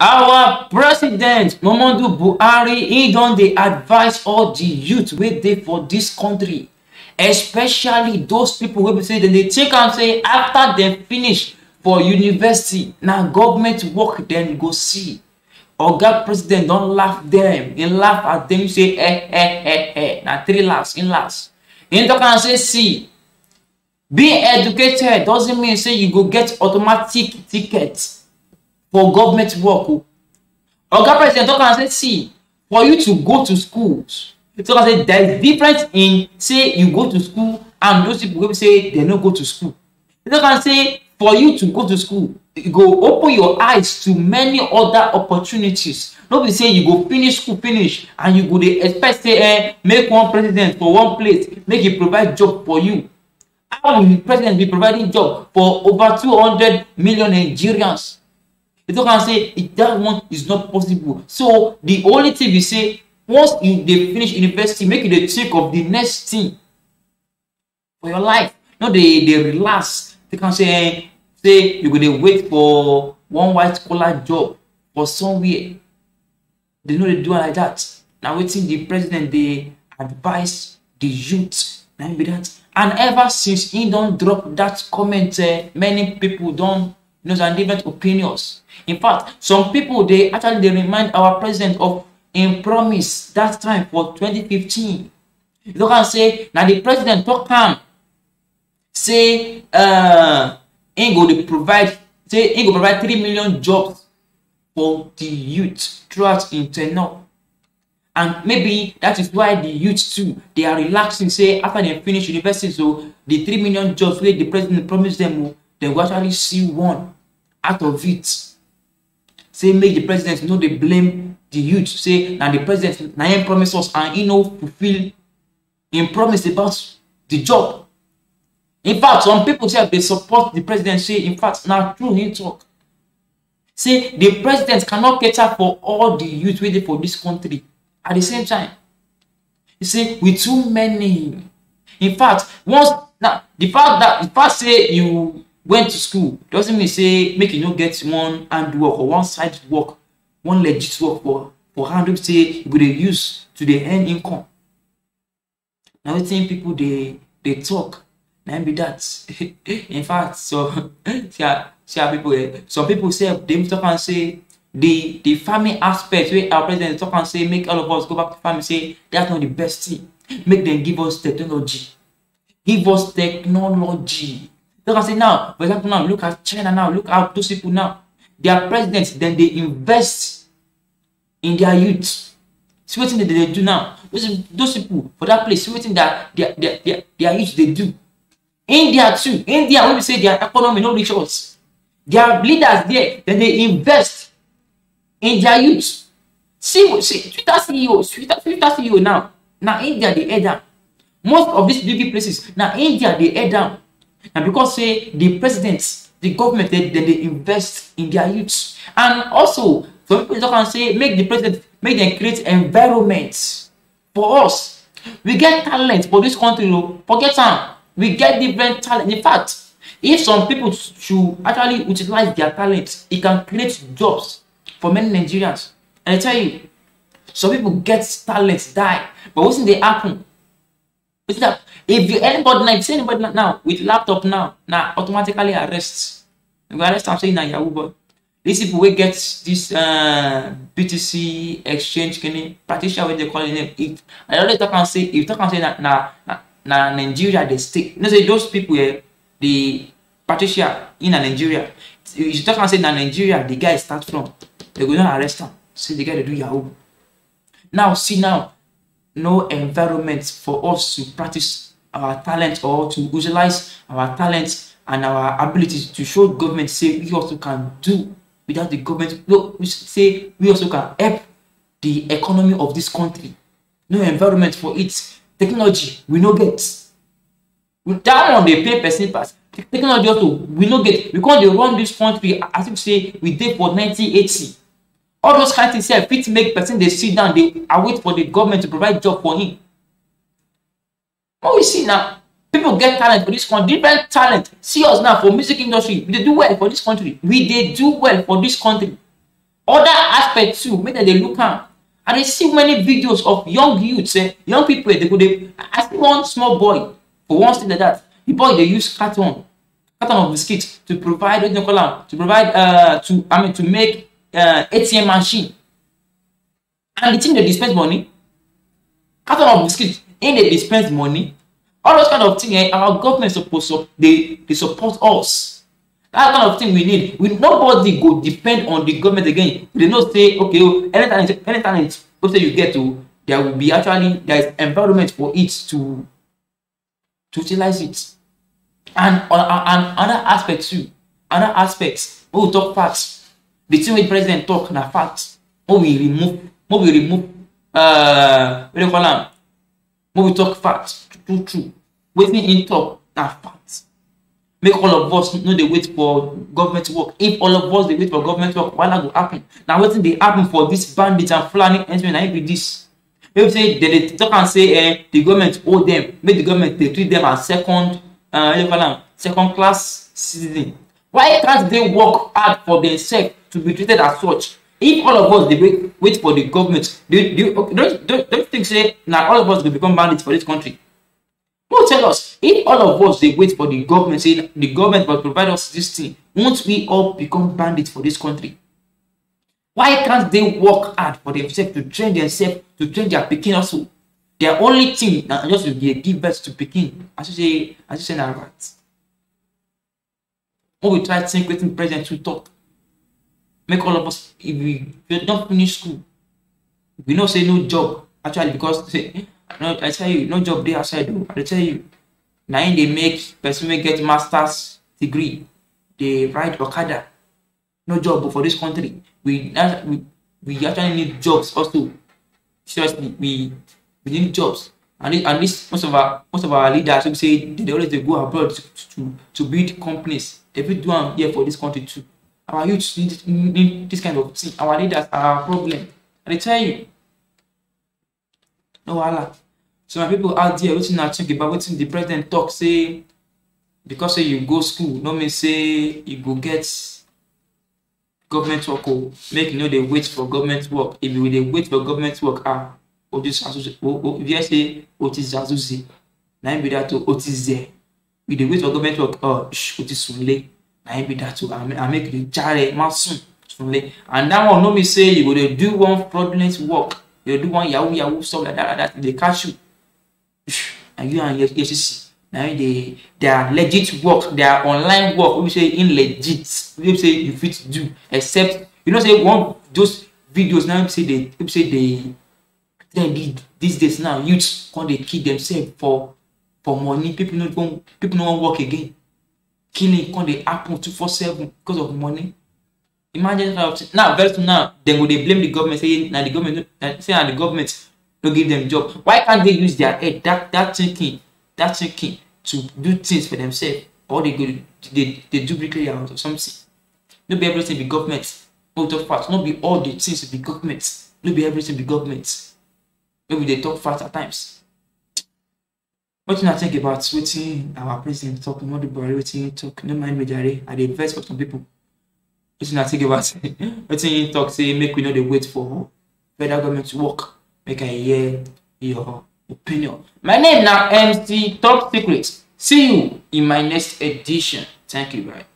our president muhammadu buhari he don dey advise all the youth wey dey for dis country especially those people wey be say dem dey take am say after dem finish for university na government work dem go see oga president don laugh dem He laugh at dem say eh eh eh eh na three laughs im laughs im tok am say see being educated doesn't mean say you go get automatic ticket for government work o oga president talk and say see for you to go to school he talk and say there is difference in say you go to school and those people wey say they no go to school he talk and say for you to go to school you go open your eyes to many other opportunities Nobody say you go finish school finish and you go dey expect say eh make one president for one place make he provide job for you how will the president be providing job for over two hundred million nigerians They talk say that one is not possible. So the only thing we say once you they finish university, make you the think of the next thing for your life. No, they they relax. They can say say you go dey wait for one white collar job for somewhere. They know they do like that. Now waiting the president they advise the youth. Now be that. And ever since he don't drop that comment, uh, many people don't You know, there different opinions. In fact, some people they actually they remind our president of in promise that time for 2015. You can say, now the president talk come Say uh he go to provide say he go provide three million jobs for the youth throughout internal And maybe that is why the youth too they are relaxing, say after they finish university, so the three million jobs where the president promised them oh, they go actually see one out of it say make the president no dey blame the youth say na the president na him promise us and he no fulfil him promise about the job in fact some people sef dey support the president say in fact na true he talk. say the president cannot cater for all the youth wey dey for this country at the same time you see we too many in fact once na the fact that the fact say you went to school doesn't mean say make you no get one hand work or one side work one legit work for for hand wey say you go dey use to dey earn income na wetin people dey dey talk na be that in fact so see how see how people eh some people sef dey talk am say the the farming aspect wey our president talk am say make all of us go back to farming say that's not the best thing make dem give us technology give us technology look at say now for example now look at china now look how people now their president dem dey invest in their youth see wetin dem dey do now Those, those people for dat place see wetin their their their their youth dey do india too india wey be say their economy no reach us their leaders there dem dey invest in their youth see see twitter ceo Twitter, twitter ceo now na india dey head am most of dis big places na india dey head am. Now, because say the president the government dem they dey invest in their youth and also some people can say make the president make them create environment for us we get talent for this country o forget them. we get different talent in fact if some people should actually utilize their talent it can create jobs for many nigerians and i tell you some people get talent die but what's wetin dey happen Isn't that if you anybody now, if you see anybody now with laptop now, now automatically arrests you arrest, I'm saying now Yahoo boy. These people will get this uh, BTC exchange can practitioner when they call it name. It I always talk and say if talk and say that now now Nigeria they stick. You know say those people here, the Patricia in Nigeria. You talk and say now Nigeria the guy start from. They go down arrest him. See the guy they do Yahoo. Now see now no environment for us to practice our talent or to utilize our talent and our abilities to show government say we also can do without the government no we say we also can help the economy of this country no environment for it technology we no get that one dey pay person pass technology also we no get we come dey run this country as if say we dey for 1980. All those kind things here fit make person they sit down, they wait for the government to provide job for him. What we see now, people get talent for this country, different talent. See us now for music industry, they do well for this country. We they do well for this country. Other aspect too, make that they look at. And I see many videos of young youths, eh, young people. Eh, they could, they, I see one small boy for one thing like that. The boy they use carton, carton of biscuit to provide what they call to provide uh to I mean to make uh, ATM machine and the thing they dispense money carton of biscuit in they dispense money all those kind of thing eh our government supposed to they they support us that kind of thing we need we nobody go depend on the government again They not say okay o any talent any you get to there will be actually there is environment for it to to utilize it and uh, and other aspects too other aspects wey we talk pass the thing wey the president talk na fact make we remove make we remove uh, what do call am make we talk fact true true wetin im talk na fact make all of us no dey wait for government work if all of us dey wait for government work wahala go happen na wetin dey happen for dis bandit and fulani herdsmen na im be dis maybe say dem dey talk am say eh, the government owe dem make the government dey treat dem as second uh, what second class citizen Why can't they work hard for themselves to be treated as such? If all of us they wait, for the government, do, do, don't, don't, don't think say now all of us go become bandits for this country. No tell us, if all of us they wait for the government saying the government will provide us this thing, won't we all become bandits for this country? Why can't they work hard for themselves to train themselves, to train their pikin also? Their only thing na just to give birth to pikin, as you say, as you say na right. When we try to think within present, we talk. Make all of us, if we, if we don't finish school, we not say no job, actually, because say, no, I tell you, no job there outside, though. I tell you, now they make, person may get master's degree, they ride Okada, no job for this country. We, we, we actually need jobs also. Seriously, we, we need jobs and, it, and this most of our most of our leaders will say they always they go abroad to, to, to build companies they fit one here for this country too our youth need, need this kind of thing our leaders are our problem i dey tell you no Allah. so my people out there wetin now think about wetin the president talk say because say you go school no mean say you go get government work or oh, make you no know, dey wait for government work if you dey wait for government work ah where say otizazuzi na im be that o otize we dey wait for government work or oh, otisunle na im be that o and make you dey jare ma sun sunle and that one no mean say you go dey do one fraudulent work you dey do one yahoo yahoo stuff like that like that dey catch you and you and your efcc na im dey their legit work their online work wey be say im legit wey be say you fit do except you know say one those videos na im be say dey im be say dey then these days now youths come they kill themselves for for money people not wan people no wan work again killing come they happen two four seven because of money imagine how now very soon now they go They blame the government saying now the government saying na the government don't give them job why can't they use their head that that thinking that thinking to do things for themselves or they go they they do bricklayer house or something no be everything be government no talk fast no be all the things be government no be everything be government maybe they talk fast at times What wetin i think about wetin our president talk no dey buhari wetin talk no mind me Jerry. i dey vex for some people What wetin i think about wetin he talk say make we know they wait for federal government to work make i hear your opinion my name now mc top secret see you in my next edition thank you bye.